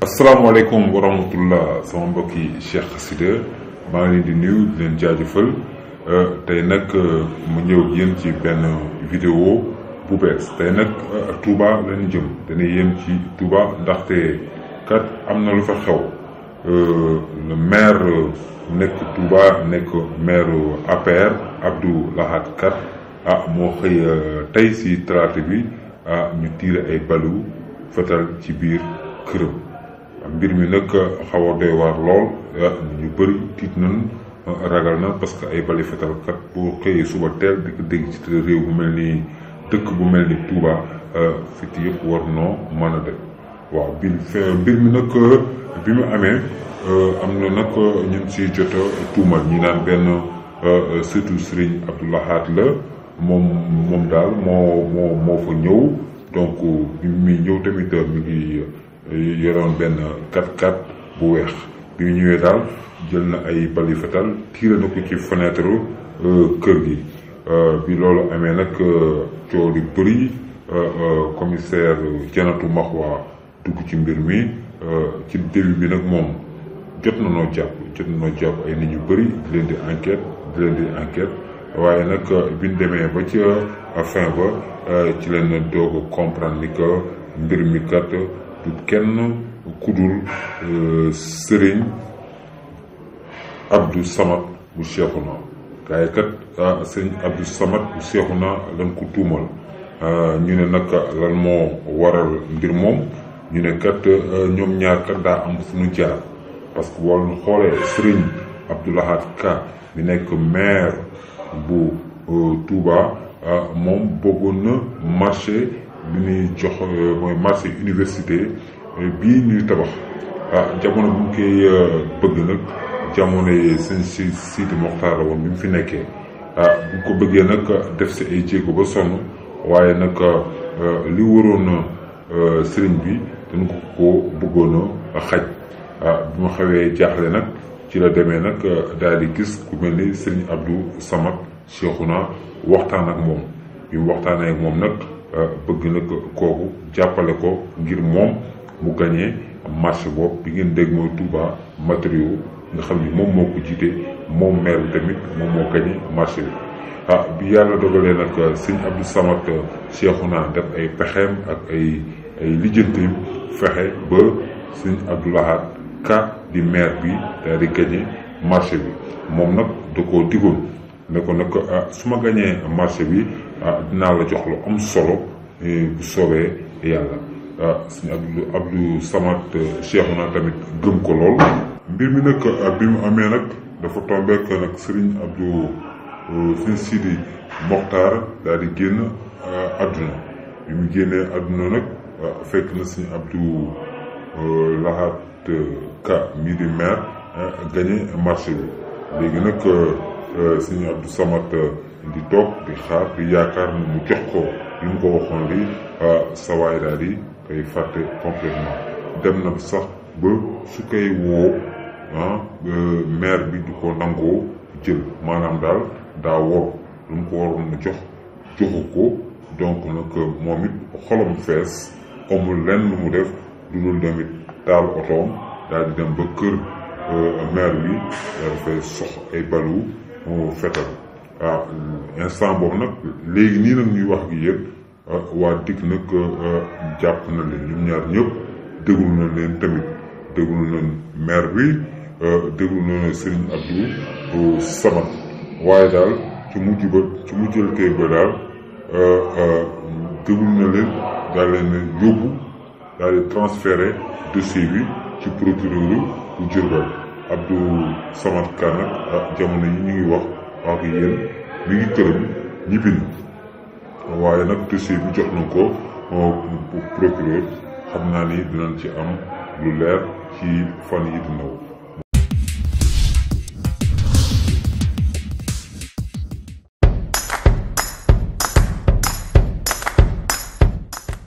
asalaamaaleykum wa rahmatullah sama mbokki Cheikh Xasida maa ngi leen di nuyu di leen jaajëfal euh, tey nag euh, mu ñëw ak ci benn vidéo bu bees tey nag euh, Touba lañu jëm dana yéem ci Touba ndaxte kat am na lu fa xew le nekk Touba nekk maire APR Abdou Lahad Kat ah, moo xëy tey si talaata bi ah, ñu tiire ay balu fetal ci biir këram. mbir mi nag xaw a doy lool eh, ñu bëri tiit nañu eh, ragal na parce que ay bali fetalkat boo xëyee suba teel di ko dégg ci réew bu mel ni dëkk bu mel ni Touba eh, fit yëpp war noo mën a def waaw bi mu amee am na nag ñun si jot a tuumal ñi naan benn surtout Serigne Abdou Lahad la moom moom daal moo moo fa ñëw donc bi muy ñëw tamit mi ngi. yoroon benn 4 x bu weex bi mu ñëwee daal jël na ay bali fetal tiire na ko ci fenêtre euh, kër gi euh, bi loolu amee nag euh, coow li bëri commissaire Janatu Maxwa dugg ci mbir mi ci début bi nag moom jot na noo jàpp jot na noo jàpp ay nit ñu bëri di leen di enquête di leen di enquête waaye nag biñ demee ba ca fin ba ci leen doog comprendre ni que mbir mi kat du kenn kudul euh, sëriñ Abdou Samad bu Cheikhouna gars yi ah, sëriñ Abdou Samad bu Cheikhouna lan ko tuumal ah, ñu ne nag lan moo waral mbir moom ñu ne kat euh, ñoom ñaar kat daa am fu jaar parce que boo xoolee sëriñ Abdou Lahad Ka mi nekk maire bu euh, Touba ah, moom bëggoon na marché. li ñuy jox euh, mooy marché université euh, bii ñuy tabax ah jamono bu ñu koy euh, bëgg nag jamono yi seen si Sidi la woon bi mu fi nekkee ah bu ñu ko bëggee nag def si ay jéego ba sonn waaye nag li waroon sëriñ bi dañ ko ko bëggoon a xaj ah ma xawee jaaxle nag ci la demee nag daal di gis ku mel ni sëriñ Abdou Samad Cheikhouna waxtaan ak moom bi mu waxtaanee ak moom nag. Euh, bëgg na ko kooku jàppale ko ngir moom mu gagné marché boobu bi ngeen dégg mooy Touba matériaux nga xam ni moom moo ko jiite moom maire bi tamit moom moo gagné marché bi. ah bi yàlla dogalee nag sëñ Abdou Samad Cheikhouna def ay pexeem ak ay ay lijjanteem fexe ba sëñ Abdou Lahad Ka di maire bi daal di gagné marché bi moom nag da koo digoon ne ko nag ah su ma gañee marché bi. ah dinaa la jox lu am solo eh, bu soobee yàlla ah suñu Abdou Abdou Samad eh, Cheikhouna tamit gëm ko lool. mbir mi nag ah, bi mu amee nag dafa tombé que nag Serigne Abdou eh, Serigne Sidi ah, Ka mii di maire bi léegi nag Serigne Abdou Samad. di toog di xaar di yaakaar ni mu jox ko li mu ko waxoon li ah, sa daal di koy fàtte complètement dem na sax ba su koy woo ah, maire bi du ko nangoo jël maanaam daal daa wor lu mu ko waroon na jox joxu ko donc nag moom it xolam fees amul lenn mu def du demit taal otoom daal di dem ba kër euh, maire bi dafay sox ay balu fetal waaw instant boobu nag léegi nii nag ñuy wax ak yéen euh, waa dikk nag euh, jàpp na leen ñoom ñaar ñëpp déglu na leen tamit déglu na maire bi euh, déglu na Serigne Abdou Samad waaye daal ci mujj ba ci mujjal tey ba daal déglu na leen daal leen yóbbu daal di transféré dossier bi ci procureur bu Diourbel Abdou Samad Ka nag ah, jamono yi ñu ngi wax. ak yéen mi ngi këram ñibbi na waaye nag dossier bi jox na ko euh, procureur xam naa ni dinañ ci am lu leer ci fan yi di ñëw